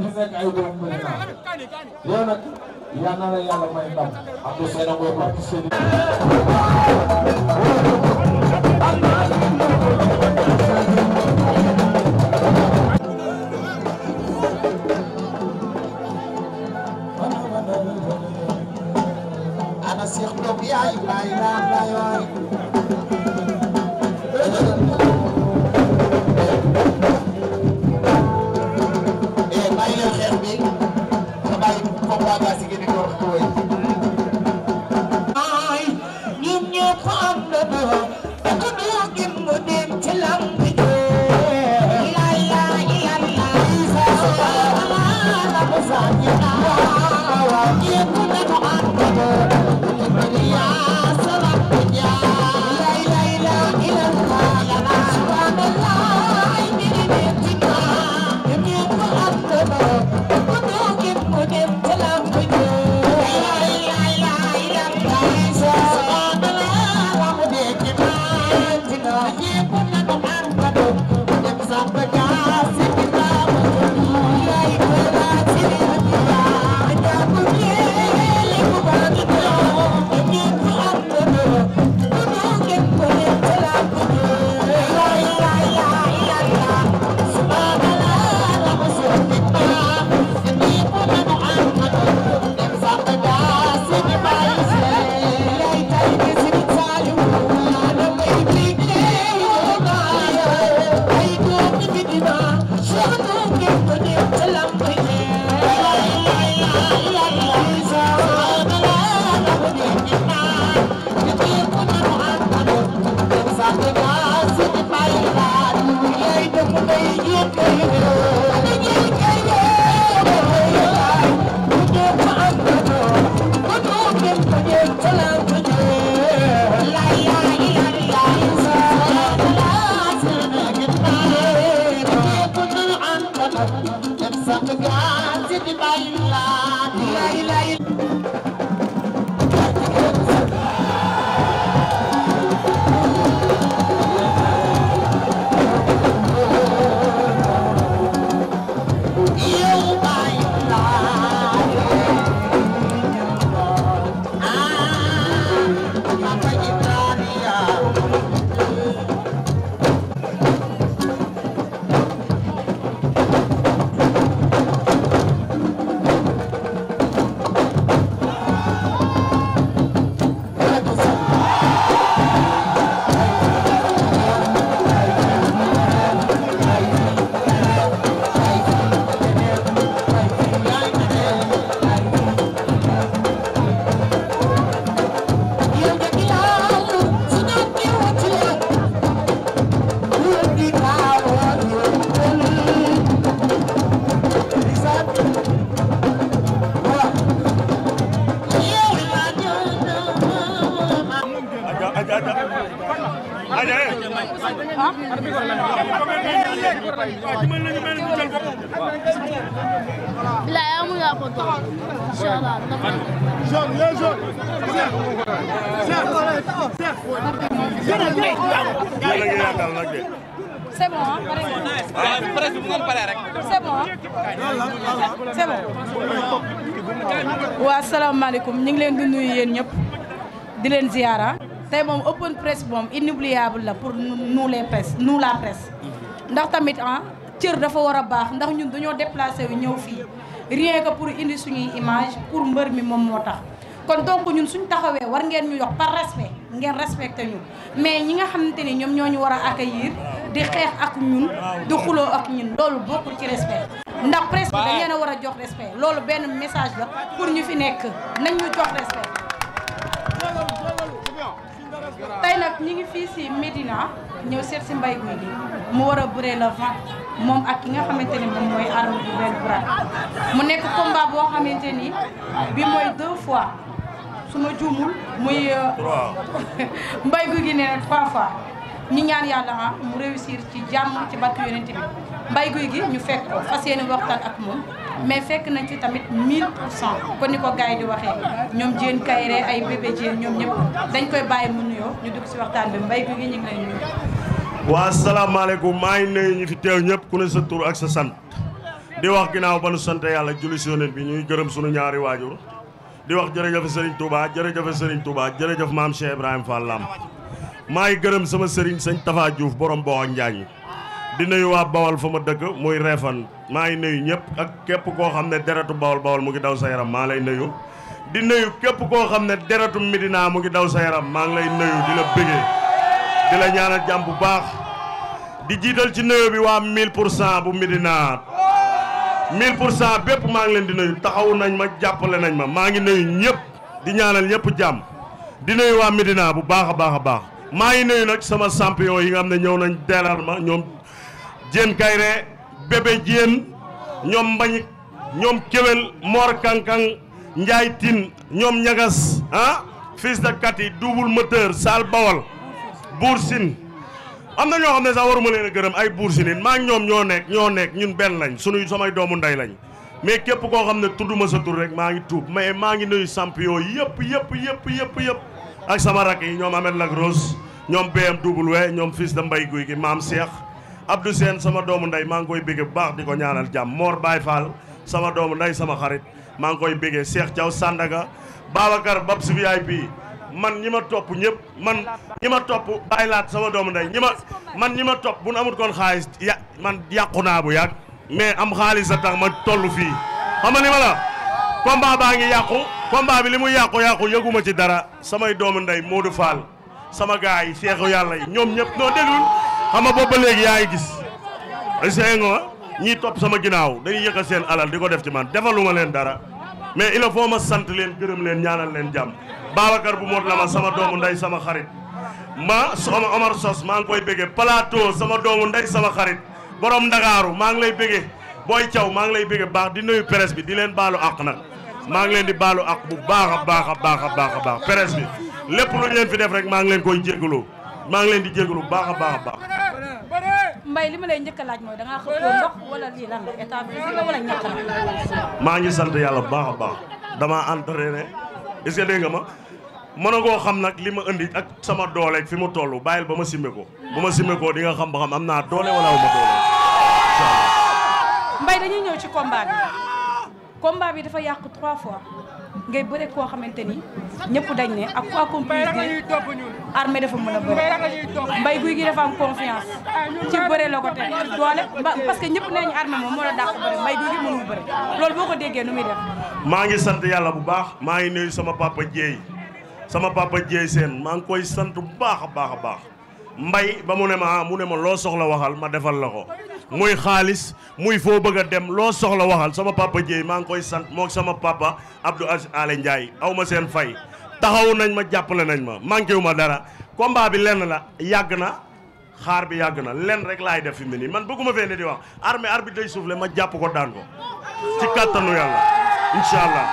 ñu fi nekk ay borom président yow nag yal na la yàlla may ndam am na seen mooy participer. ana Cheikh Top yaay bàyyi naa bàyyi Thank you. bilaay yaa mu yaa ko doon incha allah dama ne. jaune les jaunes. Cheikh Cheikh. jërëjëf. yàlla nga yaakaar nag de. c'est bon ah pare nga. presse bi bu ngeen paree rek. c'est bon ah. c'est bon. waa salaamaaleykum ñu ngi leen di nuyu yéen ñëpp di leen ziara. tey moom open presse moom inoubliable la pour nous les presse nous la presse. ndax tamit ah cër dafa war a baax ndax ñun dañoo déplacé wu ñëw fii rien que pour indi suñuy image pour mbër mi moom moo tax kon donc ñun suñ taxawee war ngeen ñu yox par respect ngeen respecté ñu mais ñi nga xam xamante ni ñoom ñoo ñu war a accueillir di xeex ak ñun di xuloo ak ñun loolu bokkul ci respect ndax presque dañ a war a jox respect loolu benn message la pour ñu fi nekk nañ ñu jox respect tey nag ñi ngi fii si Médina ñëw seet si Mbaye Gouy Gui mu war a bëree la vent moom ak ki nga xamante ni moom mooy Arame bu benn bras mu nekk combat boo xamante ni bi mooy deux fois su ma juumul muy euh, Mbaye Gouy Gui nee na trois fois ñu ñaan yàlla ah mu réussir ci jàmm ci battu yonent bi Mbaye Gouy Gui ñu fekk ko fas yéene waxtaan ak moom mais fekk nañ ci tamit 1000 ko gars di waxee ñoom jéen kayre ay bébé jéen ñoom ñëpp dañ koy bàyyi mu nuyoo ñu dugg si waxtaan bi mbay gi ñu ngi lay nuyu. maa ngi nuyu ñu fi teew ñëpp ku ne sa tur ak sa sant di wax ginnaaw ba nu sant yàlla julli si yonent bi ñuy gërëm sunu ñaari waajur di wax jërëjëf Serigne Touba jërëjëf Serigne Touba jërëjëf maam Cheikh Ibrahima Fall Lam maa ngi gërëm sama sëriñ sëñ Tafa Diouf borom Boa Njaañ. di nuyu waa bawal fa ma dëkk muy reefan maa ngi nuyu ñëpp ak képp koo xam ne deretu bawal bawal mu ngi daw sa yaram maa lay nuyu di nuyu képp koo xam ne deretu Medina mu ngi daw sa maa ngi lay nuyu di la bëggee di lay ñaanal jàmm bu baax di jiital ci nuyu bi waa 1000 pour cent bu Medina 1000 pour cent bépp maa ngi leen di nuyu taxawu nañ ma jàppale nañ ma maa ngi nuyu ñëpp di ñaanal ñëpp jàmm di nuyu waa Medina bu baax a baax a baax maa ngi nuyu nag sama champion yi nga xam ne ñëw nañ deelal ma ñoom Diène Kayré bébé Diène ñoom mbañ ñoom Kéwel Mor Kankang Njaay Tin ñoom Ñagas ah fils de Kati double moteur Sal Bawal Buur Sine am na ñoo xam ne sax waruma leen a gërëm ay Buur Sine maa ñoom ñoo nekk ñoo nekk ñun benn lañ suñuy samay doomu ndey lañ mais képp koo xam ne tudduma sa tur rek maa ngi tuub mais maa ngi nuyu champion yëpp yëpp yëpp yëpp yëpp ak sama rakk yi ñoom Ameth ñoom Rose ñoom BMW ñoom fils de Mbay Guy gi maam Cheikh Abdou Sène sama doomu ndey maa ngi koy béggee bu baax di ko ñaanal jàmm Mor Baye Fall sama doomu ndey sama xarit maa ngi koy béggee Cheikh Thiaw si Babacar Babs VIP man ñi ma topp ñëpp man ñi ma topp bàyyi laat sama doomu ndey ñi ma man ñi ma topp bu nu amut koon xaalis ya man yàqu naa bu yàgg mais am xaalis a tax ma toll fii xam nga ni ma la combat baa ngi yàqu combat bi li muy yàqu-yàqu yëguma ci dara samay doomu ndey Modou Fall sama gars yi seexu yàlla yi ñoom ñëpp noo déglul xam nga boobu ba léegi yaa ngi gis Senghor ñii topp sama ginnaaw dañuy yëkkal seen alal di ko def ci man defaluma leen dara mais il foo ma sant leen gërëm leen ñaanal leen jàmm Babacar bu mot la ma sama doomu ndey sama xarit ma ma Omar Sos maa ngi koy béggee palaatoo sama doomu ndey sama xarit borom ndagaaru maa ngi lay béggee booy caw maa ngi lay béggee baax di nuyu presse bi di leen baalu àq nag maa ngi leen di baalu àq bu baax a baaxa a baax a baax a baax presse bi lépp lu ñu leen def rek maa ngi leen koy jégalu maa ngi leen di jégalu baax a baax a baax mbay li ma lay njëkk a laaj mooy da ngaa xam ndox wala lii lan la état bi wala ñàkk la. maa ngi sant yàlla bu baax a baax damaa entraîné est-ce que ma mën a koo xam nag li ma indi ak sama dooleek fi mu toll bàyyil ba ma simme ko bu ma simme ko di xam ba xam am naa doole wala ma doole. mbay dañuy ñëw ci combat bi combat bi dafa yàqu trois fois. ngay bëre koo xamante ni ñëpp dañ ne ak quoi compliqué armée dafa mën a ah, ko maa ngi sant yàlla bu baax maa ngi nuyu sama papa Dieye sama papa Dieye seen maa ngi koy sant bu baax a baax a baax mbay ba mu ne ma ah, mu ne ma loo soxla waxal ma defal la ko mooy xaalis muy foo bëgg a dem loo soxla waxal sama papa Dieye maa ngi koy sant moo sama papa Abdou Alé Ndiaye aw ma seen fay taxawu nañ ma jàppale nañ ma manqué wu ma dara combat bi lenn la yàgg na xaar bi yàgg na lenn rek laay def fi mu nii man bëgguma fee ne di wax armée arbitre day soufflé ma jàpp ko daan ko ci kattanu yàlla incha allah.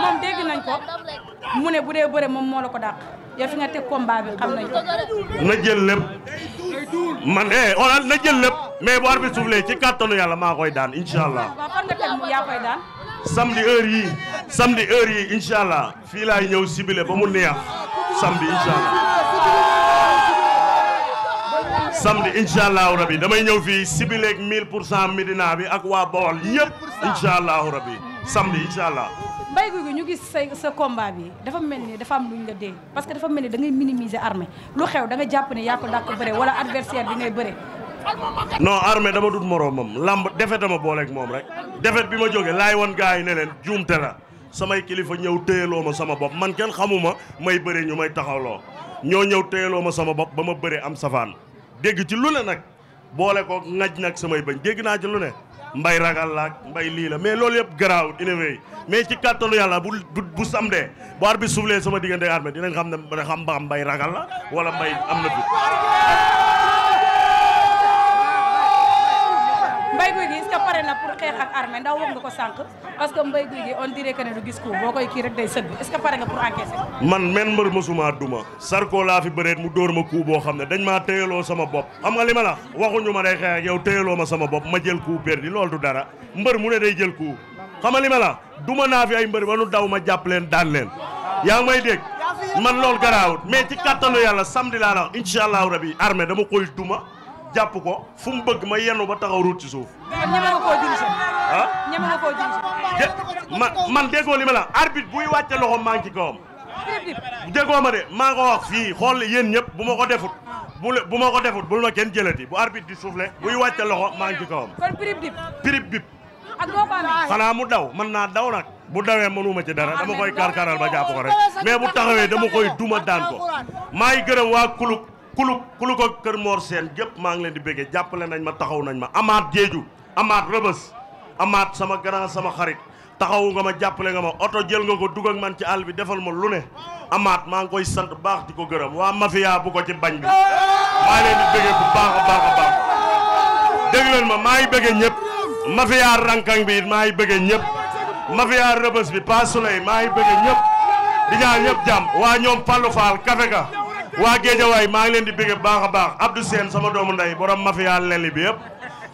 moom dégg nañ ko mu ne bu dee bëre moom moo la ko dàq. yow fi nga teg combat bi xam nañ na jël lépp man eh wala na jël lépp mais bu arbitre soufflé ci kàttanu yàlla maa koy daan incha allah. waaw yi samedi heure yi incha allah fii laay ñëw sibile ba mu neex samedi incha allah samedi incha damay ñëw fii sibileeg 1000 pour cent Medina bi ak waa Bawol yëpp incha allahu rabi samedi Mbaye Gouy Gui ñu gis say sa combat bi dafa mel ni dafa am luñ la dee parce que dafa mel ni da ngay minimiser armée lu xew da nga jàpp ne yaa ko dàq bëre wala adversaire bi ngay bëre. non armée dama dut moroomam lamb defet booleek moom rek defet bi ma jóge laay wan gars yi ne leen juumte la samay kilifa ñëw téyeloo ma sama bopp man kenn xamuma may bëre ñu may taxawloo ñoo ñëw téyeloo ma sama bopp ba ma bëre am safaan dégg ci lu ne nag boole ko ŋaj nag samay bañ dégg naa ci ne mbay ragal laak mbay lii la mais loolu yëpp garaaw innover mais ci kàttanu yàlla bu bu bu samdee bu arbitre bi soufflé sama diggante armée dinañ xam ne xam ba xam mbay ragal la wala mbay am na dut que pare na pour xeex koy kii man men mbër mosuma duma Sarko laa fi bëreet mu dóor ma coup boo xam ne dañ maa téyeloo sama bopp xam nga li ma la waxuñu ma day xeex ak yow ma sama bopp ma jël coup perdi loolu du dara mbër mu ne day jël coup xam nga li ma la duma naa fi ay mbër ba nu daw ma jàpp leen daan leen yaa ngi may dégg man loolu garaawut mais ci kattanu yàlla samedi laa la wax incha dama koy duma jàpp ko fu mu bëgg ma yenu ba taxaw ruut ci suuf. ñeme nga koo julli si. Ah? koo man man li ma la arbitre buy wàcce loxo maa ngi ci kawam. déggoo ma de maa ko wax fii xool yéen ñëpp bu ma ko defut. bu bu ma ko defut bul ma kenn jëlati bu arbitre di soufflé buy wàcce loxo maa ngi ci kawam. kon pirip pirip xanaa mu daw mën naa daw nag. bu dawee mënuma ci dara dama koy karkaral ba jàpp ko rek mais bu taxawee dama koy duma daan ko maay gërëm waa kulub kulu kulu ko kër Mor Sène gépp maa ngi leen di béggee jàppale nañ ma taxaw nañ ma amaat jeeju amaat rëbës amaat sama grand sama xarit taxawu nga ma jàppale nga ma oto jël nga ko dugg ak man ci àll bi defal ma lu ne amaat maa ngi koy sant baax di ko gërëm waa mafia bu ko ci bañ bi maa leen di béggee bu baax a baax a ma maa ngi béggee ñëpp mafia rankang bi maa ngi béggee ñëpp mafia rëbës bi pas soleil maa ngi béggee ñëpp di ñaan ñëpp jàmm waa ñoom Fallou Fall kafe ga waa Géejawaay maa ngi leen di bëgg bu baax a seen Abdou Sène sama doomu ndey borom mafia leli bi yëpp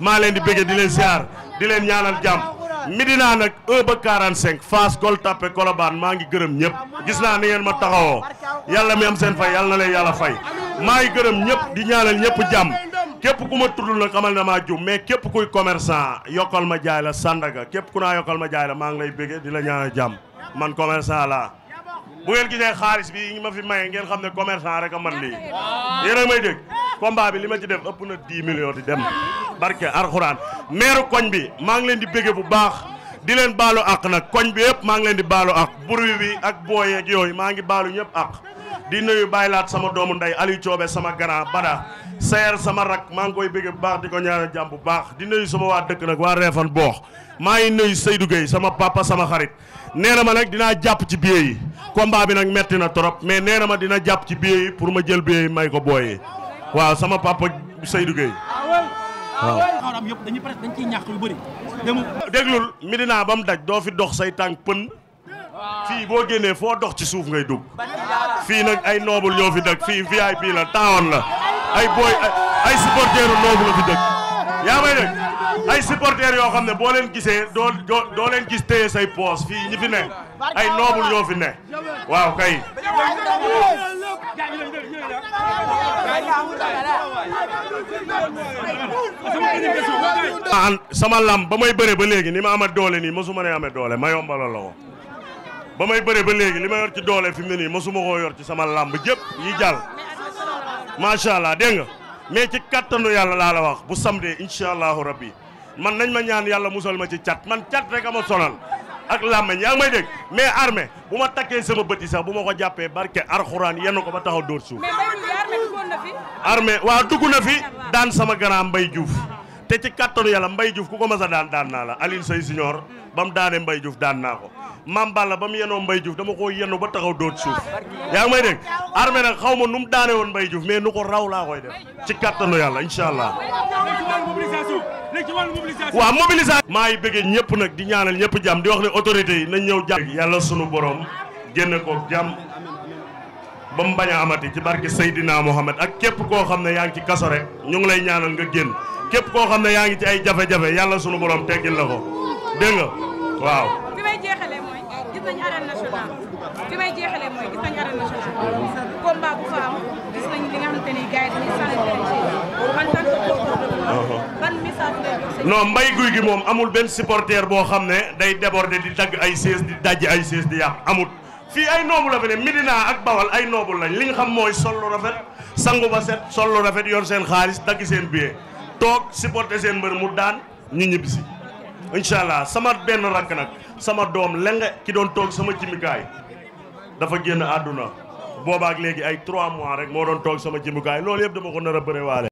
maa leen di bëgg di leen siyaar di leen ñaanal jàmm Médina nag 1 ba 45 Fass Gueule Tapée Colobane maa ngi gërëm ñëpp gis naa ni ngeen ma taxawoo yàlla mi am seen fay yàlla na leen yàlla fay maa ngi gërëm ñëpp di ñaanal ñëpp jàmm képp ku ma tudd nag xamal na maa jum mais képp kuy commerçant yokkal ma jaay la Sandaga képp ku naa yokkal ma jaay la maa ngi lay bëgg di jàmm man bu ngeen gisee xaalis bi ñi ma fi maye ngeen xam ne commerçant rek a man lii yéen may dégg combat bi li ma ci def ëpp na 10 millions di dem barke arxuraan meeru koñ bi maa ngi leen di bégge bu baax di leen baalu àq nag koñ bi yëpp maa ngi leen di baalu àq buru bi ak booy ak yooyu maa ngi baalu ñëpp àq di nuyu bàyyi laat sama doomu ndey Aliou Coobe sama grand bada seer sama rak maa ngi koy bëgg bu baax di ko ñaanal jàmm bu baax di nuyu sama waa dëkk nag waa Réfane boox maa ngi nuyu Seydou sama papa sama xarit nee na ma nag dinaa jàpp ci billet yi combat bi nag metti na trop mais nee na ma dina jàpp ci billet yi pour ma jël billet yi may ko booyee waa sama papa Seydou Gueye waaw xaram yëpp ba mu daj doo fi dox say tànk pën Ah. fii boo génnee foo dox ci suuf ngay dugg fii nag ay noobul ñoo fi dëkk fii VIP la taawoon la ay booy ay supporteru noobul la fi dëkk yaa may dëkk ay supporter yoo xam ne boo leen gisee doo leen gis téye say poos fii ñi fi ne ay noobul ñoo fi ne waaw kay sama lam ba may bëre ba léegi ni ma amee doole nii mosuma ne amee doole ma yombalal la ko ba may bëre ba léegi li ma yor ci doole fi mu ne nii mosuma koo yor ci sama làmb jëpp yi jàll macha allah dégg nga mais ci kattanu yàlla laa la wax bu samde incha allahu rabbi man nañ ma ñaan yàlla musal ma ci cat man cat rek a ma sonal ak làmb yaa ngi may dégg mais armée bu ma takkee sama bët yi sax bu ma ko jàppee barke arxuraan yenn ko ba taxaw dóor suuf. mais waa waaw dugg na fi daan sama grand mbay Diouf te ci kattanu yàlla Mbaye Diouf ku ko ma a daan daan naa la Alioune Seye Junior ba mu daanee Mbaye Diouf daan naa ko. maam Balla ba mu yenoo mbay Diouf dama koo yenu ba taxaw doot suuf yaa ngi may dégg armée nag xaw ma nu mu daane woon mbay Diouf mais nu ko raw laa koy def ci kàttanu yàlla incha allah. waaw mobilisation. maa ngi bëggee ñëpp nag di ñaanal ñëpp jàmm di wax ne autorités yi nañ ñëw jàmm. yàlla sunu borom génne ko jàmm ba mu bañ a amati ci barke Seydina Mohamed ak képp koo xam ne yaa ngi ci kaso rek ñu ngi lay ñaanal nga génn képp koo xam ne yaa ngi ci ay jafe-jafe yàlla sunu borom teggil la ko dégg nga nañu arène mbay guy gi moom amul benn supporter boo xam ne day déborder di dagg ay siis di dajj ay siis di yàq amut fii ay noobu la fi ne Medina ak Bawal ay noobu lañ li nga xam mooy sol lu rafet sangu ba set sol lu rafet yor seen xaalis dagg seen billet toog supporter seen mbër mu daan ñu ñibbisi incha allah sama benn rakk nag sama doom lenge ki doon toog sama jimikaay dafa génn àdduna boobaak léegi ay trois mois rek moo doon toog sama jimikaay loolu yëpp dama ko nar a bëre waale